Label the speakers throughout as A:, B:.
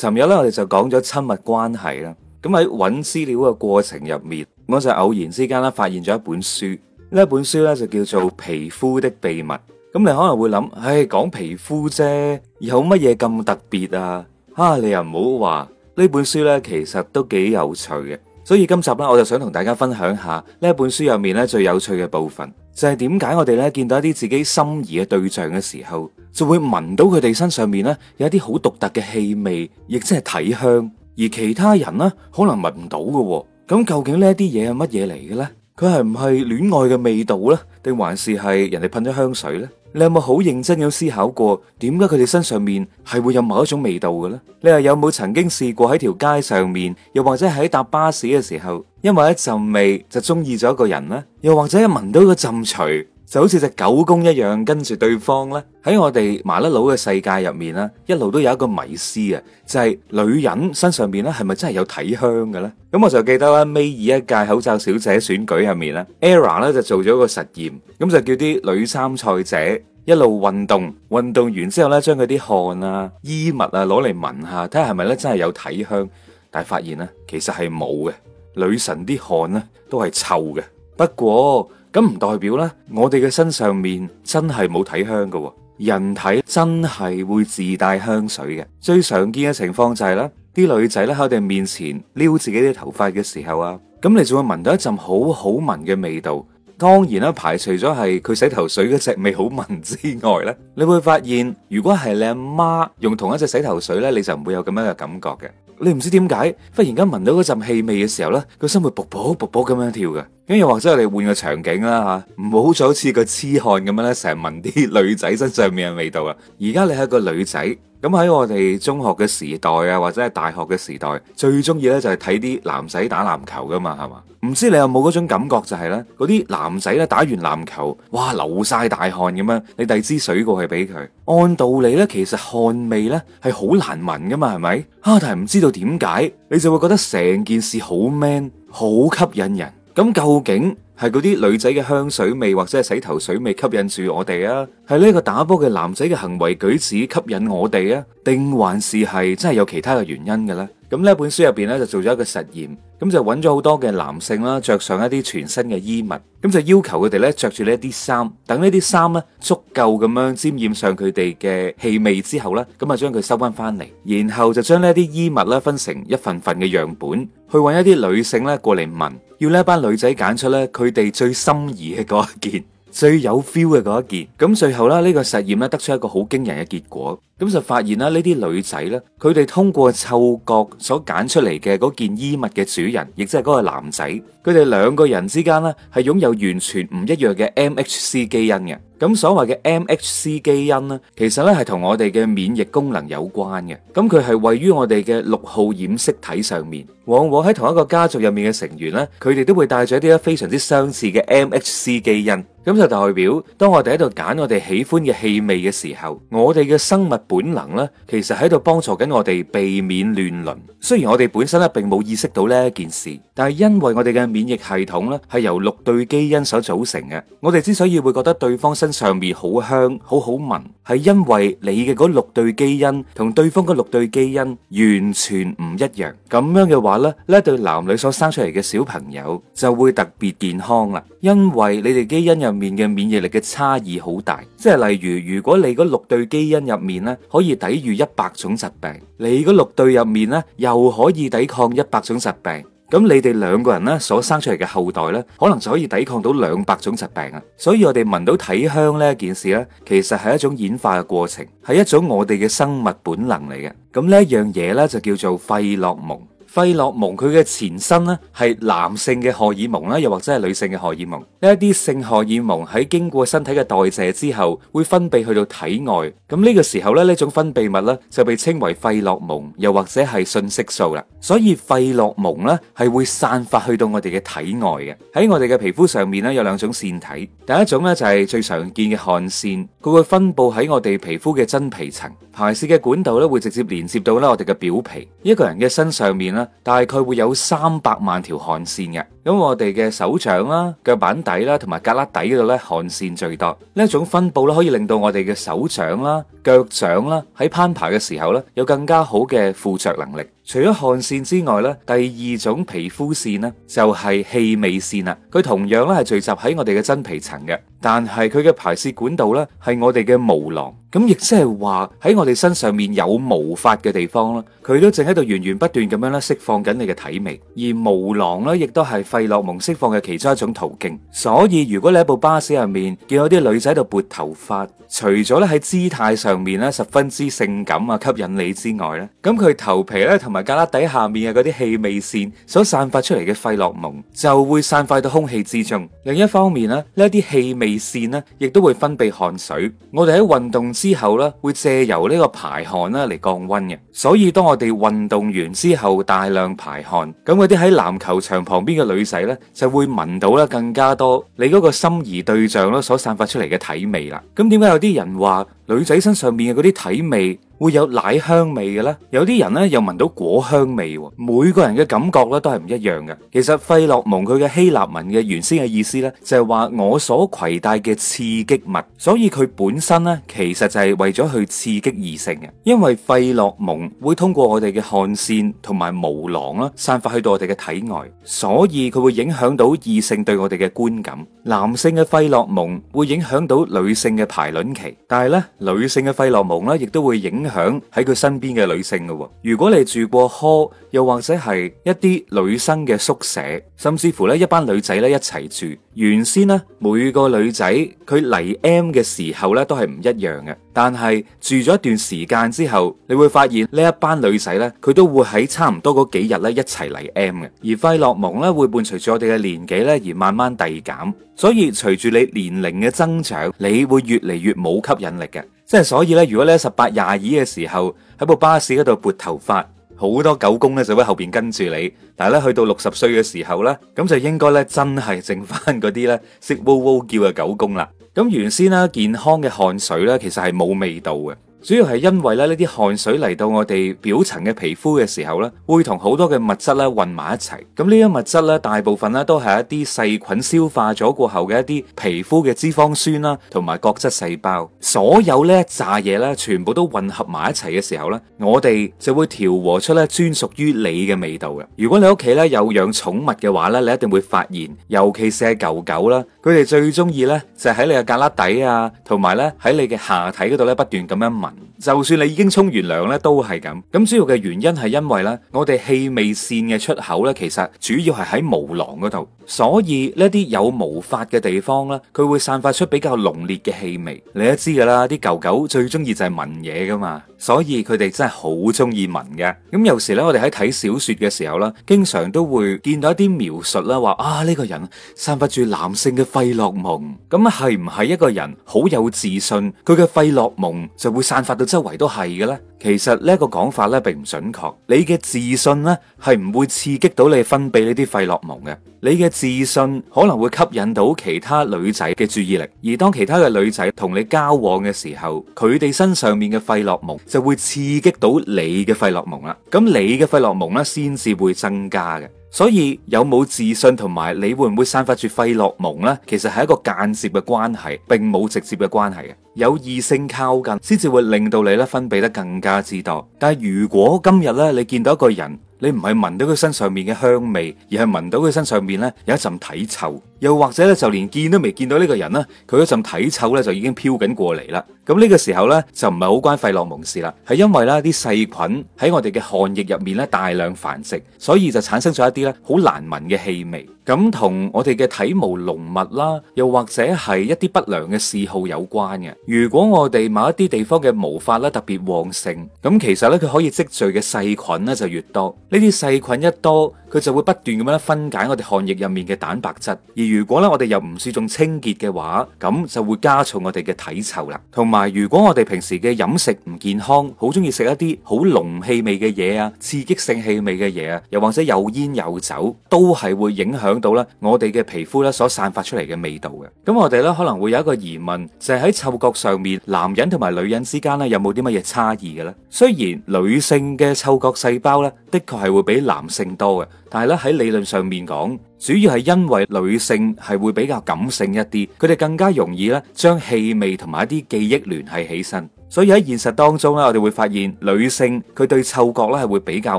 A: 尋日咧，我哋就講咗親密關係啦。咁喺揾資料嘅過程入面，我就偶然之間咧發現咗一本書。呢本書呢，就叫做《皮膚的秘密》。咁你可能會諗，唉，講皮膚啫，有乜嘢咁特別啊？啊，你又唔好話呢本書呢，其實都幾有趣嘅。所以今集呢，我就想同大家分享下呢本書入面咧最有趣嘅部分。就係點解我哋，咧見到一啲自己心儀嘅對象嘅時候，就會聞到佢哋身上面，咧有一啲好獨特嘅氣味，亦即係體香，而其他人呢可能聞唔到嘅。咁究竟呢一啲嘢係乜嘢嚟嘅咧？佢係唔係戀愛嘅味道呢？定還是係人哋噴咗香水呢？你有冇好認真咁思考過？點解佢哋身上面係會有某一種味道嘅咧？你又有冇曾經試過喺條街上面，又或者喺搭巴士嘅時候，因為一陣味就中意咗一個人呢？又或者聞一聞到個陣除？就好似隻狗公一樣，跟住對方咧，喺我哋麻甩佬嘅世界入面咧，一路都有一個迷思啊，就係女人身上面咧，係咪真係有體香嘅咧？咁我就記得啦，尾二一屆口罩小姐選舉入面咧，Era 咧就做咗個實驗，咁就叫啲女參賽者一路運動，運動完之後咧，將佢啲汗啊、衣物啊攞嚟聞下，睇下係咪咧真係有體香，但係發現咧，其實係冇嘅，女神啲汗咧都係臭嘅，不過。咁唔代表咧，我哋嘅身上面真係冇體香噶喎，人體真係會自帶香水嘅。最常見嘅情況就係咧，啲女仔咧喺我哋面前撩自己啲頭髮嘅時候啊，咁你就會聞到一陣好好聞嘅味道。當然啦，排除咗係佢洗頭水嗰隻味好聞之外咧，你會發現如果係你阿媽用同一隻洗頭水咧，你就唔會有咁樣嘅感覺嘅。你唔知點解，忽然間聞到嗰陣氣味嘅時候呢，個心會噗噗噗噗咁樣跳嘅。咁又或者我哋換個場景啦吓，唔好再好似個痴漢咁樣咧，成日聞啲女仔身上面嘅味道啊！而家你係一個女仔。咁喺我哋中學嘅時代啊，或者係大學嘅時代，最中意呢就係睇啲男仔打籃球噶嘛，係嘛？唔知你有冇嗰種感覺就係呢，嗰啲男仔呢，打完籃球，哇，流晒大汗咁樣，你遞支水過去俾佢。按道理呢，其實汗味呢係好難聞噶嘛，係咪？啊，但係唔知道點解，你就會覺得成件事好 man，好吸引人。咁究竟係嗰啲女仔嘅香水味或者係洗頭水味吸引住我哋啊？係呢個打波嘅男仔嘅行為舉止吸引我哋啊？定還是係真係有其他嘅原因嘅咧？咁呢本書入邊咧就做咗一個實驗，咁就揾咗好多嘅男性啦，着上一啲全新嘅衣物，咁就要求佢哋咧着住呢一啲衫，等呢啲衫呢，足夠咁樣沾染上佢哋嘅氣味之後呢，咁啊將佢收翻翻嚟，然後就將呢啲衣物咧分成一份份嘅樣本，去揾一啲女性咧過嚟聞，要呢班女仔揀出咧佢哋最心儀嘅嗰一件。最有 feel 嘅嗰一件。咁，最後啦，呢個實驗咧得出一個好驚人嘅結果，咁就發現啦，呢啲女仔呢，佢哋通過嗅覺所揀出嚟嘅嗰件衣物嘅主人，亦即係嗰個男仔，佢哋兩個人之間呢係擁有完全唔一樣嘅 MHC 基因嘅。咁所謂嘅 MHC 基因呢，其實呢係同我哋嘅免疫功能有關嘅。咁佢係位於我哋嘅六號染色體上面，往往喺同一個家族入面嘅成員呢，佢哋都會帶住一啲非常之相似嘅 MHC 基因。咁就代表，當我哋喺度揀我哋喜歡嘅氣味嘅時候，我哋嘅生物本能呢，其實喺度幫助緊我哋避免亂倫。雖然我哋本身呢並冇意識到呢一件事，但係因為我哋嘅免疫系統呢係由六對基因所組成嘅，我哋之所以會覺得對方身上面好香，好好聞，係因為你嘅嗰六對基因同對方嘅六對基因完全唔一樣，咁樣嘅話咧，呢對男女所生出嚟嘅小朋友就會特別健康啦。因為你哋基因入面嘅免疫力嘅差異好大，即係例如如果你嗰六對基因入面咧可以抵禦一百種疾病，你嗰六對入面咧又可以抵抗一百種疾病。咁你哋兩個人呢所生出嚟嘅後代呢，可能就可以抵抗到兩百種疾病啊！所以我哋聞到體香呢件事呢，其實係一種演化嘅過程，係一種我哋嘅生物本能嚟嘅。咁呢一樣嘢呢，就叫做費洛蒙。費洛蒙佢嘅前身呢，係男性嘅荷爾蒙啦，又或者係女性嘅荷爾蒙。呢一啲性荷爾蒙喺經過身體嘅代謝之後，會分泌去到體外。咁呢個時候咧，呢種分泌物呢，就被稱為費洛蒙，又或者係信息素啦。所以費洛蒙呢，係會散發去到我哋嘅體外嘅。喺我哋嘅皮膚上面呢，有兩種腺體，第一種呢，就係最常見嘅汗腺，佢會分布喺我哋皮膚嘅真皮層，排泄嘅管道呢，會直接連接到咧我哋嘅表皮。一個人嘅身上面咧。大概會有三百萬條汗腺嘅，咁我哋嘅手掌啦、腳板底啦、同埋胳肋底嗰度咧汗腺最多，呢一種分布咧可以令到我哋嘅手掌啦、腳掌啦喺攀爬嘅時候咧有更加好嘅附着能力。除咗汗腺之外咧，第二種皮膚腺咧就係氣味腺啦。佢同樣咧係聚集喺我哋嘅真皮層嘅，但係佢嘅排泄管道咧係我哋嘅毛囊。咁亦即係話喺我哋身上面有毛髮嘅地方啦，佢都正喺度源源不斷咁樣咧釋放緊你嘅體味。而毛囊咧亦都係費洛蒙釋放嘅其中一種途徑。所以如果你喺部巴士入面見到啲女仔喺度撥頭髮，除咗咧喺姿態上面咧十分之性感啊吸引你之外咧，咁佢頭皮咧同埋。胳肋底下面嘅嗰啲氣味腺所散發出嚟嘅費洛蒙，就會散發到空氣之中。另一方面咧，呢一啲氣味腺咧，亦都會分泌汗水。我哋喺運動之後咧，會借由呢個排汗啦嚟降溫嘅。所以當我哋運動完之後大量排汗，咁嗰啲喺籃球場旁邊嘅女仔咧，就會聞到啦更加多你嗰個心儀對象咯所散發出嚟嘅體味啦。咁點解有啲人話女仔身上面嘅啲體味，會有奶香味㗎啦，有啲人呢又聞到果香味㗎，每個人嘅感覺呢都係唔一樣㗎。其實，費洛蒙佢嘅希臘文嘅原先嘅意思呢，就係話我所攜帶嘅刺激物。所以佢本身呢，其實就係為咗去刺激異性㗎。因為費洛蒙會通過我哋嘅汗腺同埋毛囊啦散發去到我哋嘅體外，所以佢會影響到異性對我哋嘅觀感。男性嘅費洛蒙會影響到女性嘅排卵期，但係呢，女性嘅費洛蒙呢，亦都會影響響喺佢身邊嘅女性噶、哦，如果你住過 hall，又或者係一啲女生嘅宿舍，甚至乎呢一班女仔呢一齊住，原先呢，每個女仔佢嚟 M 嘅時候呢都係唔一樣嘅，但係住咗一段時間之後，你會發現呢一班女仔呢，佢都會喺差唔多嗰幾日呢一齊嚟 M 嘅，而費洛蒙呢會伴隨住我哋嘅年紀呢而慢慢遞減，所以隨住你年齡嘅增長，你會越嚟越冇吸引力嘅。即係所以咧，如果咧十八廿二嘅時候喺部巴士嗰度撥頭髮，好多狗公咧就喺後邊跟住你。但係咧去到六十歲嘅時候咧，咁就應該咧真係剩翻嗰啲咧識喔喔叫嘅狗公啦。咁原先咧，健康嘅汗水咧，其實係冇味道嘅。主要係因為咧，呢啲汗水嚟到我哋表層嘅皮膚嘅時候呢，會同好多嘅物質咧混埋一齊。咁呢啲物質呢，大部分咧都係一啲細菌消化咗過後嘅一啲皮膚嘅脂肪酸啦，同埋角質細胞。所有呢一紮嘢呢，全部都混合埋一齊嘅時候呢，我哋就會調和出呢專屬於你嘅味道啦。如果你屋企呢有養寵物嘅話呢，你一定會發現，尤其是係狗狗啦。佢哋最中意呢，就係喺你嘅胳肋底啊，同埋呢喺你嘅下體嗰度呢，不斷咁樣聞。就算你已經沖完涼呢，都係咁。咁主要嘅原因係因為呢，我哋氣味腺嘅出口呢，其實主要係喺毛囊嗰度。所以呢啲有毛髮嘅地方呢，佢會散發出比較濃烈嘅氣味。你都知噶啦，啲狗狗最中意就係聞嘢噶嘛，所以佢哋真係好中意聞嘅。咁有時呢，我哋喺睇小說嘅時候呢，經常都會見到一啲描述啦，話啊呢個人散發住男性嘅。費洛蒙。咁，係唔係一個人好有自信，佢嘅費洛蒙就會散發到周圍都係嘅咧？其實呢個講法咧並唔準確。你嘅自信呢係唔會刺激到你分泌呢啲費洛蒙嘅。你嘅自信可能會吸引到其他女仔嘅注意力，而當其他嘅女仔同你交往嘅時候，佢哋身上面嘅費洛蒙就會刺激到你嘅費洛蒙啦。咁你嘅費洛蒙呢先至會增加嘅。所以有冇自信同埋你會唔會散發住費洛蒙呢？其實係一個間接嘅關係，並冇直接嘅關係嘅。有異性靠近，先至會令到你呢，分泌得更加之多。但係如果今日呢，你見到一個人，你唔係聞到佢身上面嘅香味，而係聞到佢身上面呢，有一陣體臭。又或者咧，就連見都未見到呢個人咧，佢嗰陣體臭咧就已經飄緊過嚟啦。咁呢個時候呢，就唔係好關費洛蒙事啦，係因為咧啲細菌喺我哋嘅汗液入面呢大量繁殖，所以就產生咗一啲呢好難聞嘅氣味。咁同我哋嘅體毛濃密啦，又或者係一啲不良嘅嗜好有關嘅。如果我哋某一啲地方嘅毛髮呢特別旺盛，咁其實呢，佢可以積聚嘅細菌呢就越多。呢啲細菌一多，佢就會不斷咁樣分解我哋汗液入面嘅蛋白質，而如果咧我哋又唔注重清潔嘅話，咁就會加重我哋嘅體臭啦。同埋，如果我哋平時嘅飲食唔健康，好中意食一啲好濃氣味嘅嘢啊，刺激性氣味嘅嘢啊，又或者有煙有酒，都係會影響到咧我哋嘅皮膚咧所散發出嚟嘅味道嘅。咁我哋咧可能會有一個疑問，就係喺嗅覺上面，男人同埋女人之間咧有冇啲乜嘢差異嘅咧？雖然女性嘅嗅覺細胞咧。的確係會比男性多嘅，但係咧喺理論上面講，主要係因為女性係會比較感性一啲，佢哋更加容易咧將氣味同埋一啲記憶聯繫起身。所以喺現實當中咧，我哋會發現女性佢對嗅覺咧係會比較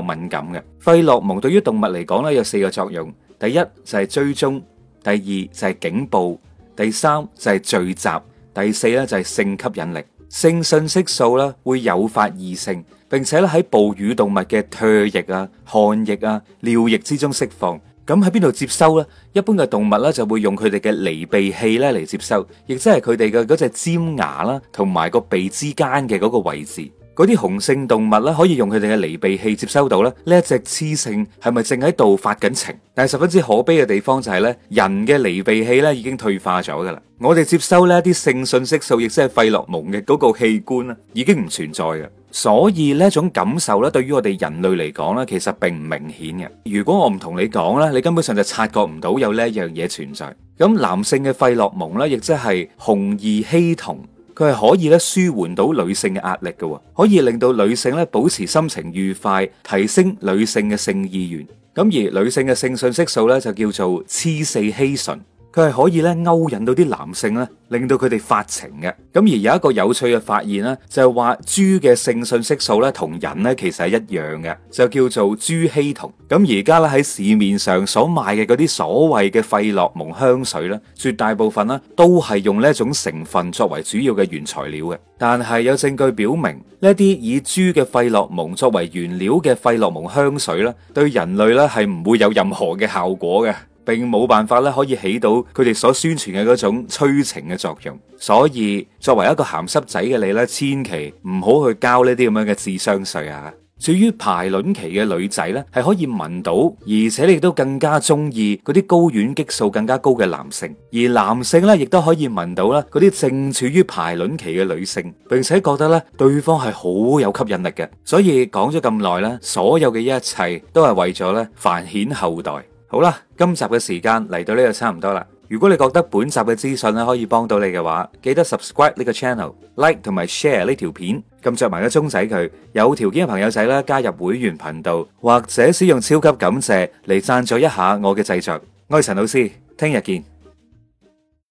A: 敏感嘅。費洛蒙對於動物嚟講咧有四個作用：第一就係追蹤，第二就係警報，第三就係聚集，第四咧就係性吸引力。性信息素咧會誘發異性。並且咧喺哺乳動物嘅唾液啊、汗液啊、尿液之中釋放，咁喺邊度接收咧？一般嘅動物咧就會用佢哋嘅犁鼻器咧嚟接收，亦即係佢哋嘅嗰隻尖牙啦，同埋個鼻之間嘅嗰個位置。嗰啲雄性動物咧可以用佢哋嘅犁鼻器接收到咧，呢一隻雌性係咪正喺度發緊情？但係十分之可悲嘅地方就係咧，人嘅犁鼻器咧已經退化咗噶啦，我哋接收咧一啲性信息素，亦即係費洛蒙嘅嗰個器官咧已經唔存在嘅。所以呢一種感受咧，對於我哋人類嚟講咧，其實並唔明顯嘅。如果我唔同你講咧，你根本上就察覺唔到有呢一樣嘢存在。咁男性嘅費洛蒙咧，亦即係雄二烯酮，佢係可以咧舒緩到女性嘅壓力嘅，哦，可以令到女性咧保持心情愉快，提升女性嘅性意願。咁而女性嘅性信息素咧，就叫做雌四烯醇。佢係可以咧勾引到啲男性咧，令到佢哋發情嘅。咁而有一個有趣嘅發現咧，就係話豬嘅性信息素咧，同人咧其實係一樣嘅，就叫做豬希酮。咁而家咧喺市面上所賣嘅嗰啲所謂嘅費洛蒙香水咧，絕大部分啦都係用呢一種成分作為主要嘅原材料嘅。但係有證據表明，呢啲以豬嘅費洛蒙作為原料嘅費洛蒙香水咧，對人類咧係唔會有任何嘅效果嘅。並冇辦法咧，可以起到佢哋所宣傳嘅嗰種催情嘅作用。所以作為一個鹹濕仔嘅你咧，千祈唔好去交呢啲咁樣嘅智商稅啊！至於排卵期嘅女仔咧，係可以聞到，而且你亦都更加中意嗰啲睾丸激素更加高嘅男性，而男性咧亦都可以聞到啦嗰啲正處於排卵期嘅女性，並且覺得咧對方係好有吸引力嘅。所以講咗咁耐咧，所有嘅一切都係為咗咧繁衍後代。好啦，今集嘅時間嚟到呢度差唔多啦。如果你覺得本集嘅資訊咧可以幫到你嘅話，記得 subscribe 呢個 channel，like 同埋 share 呢條片，撳着埋個鐘仔佢。有條件嘅朋友仔咧加入會員頻道，或者使用超級感謝嚟贊助一下我嘅製作。我係陳老師，聽日見。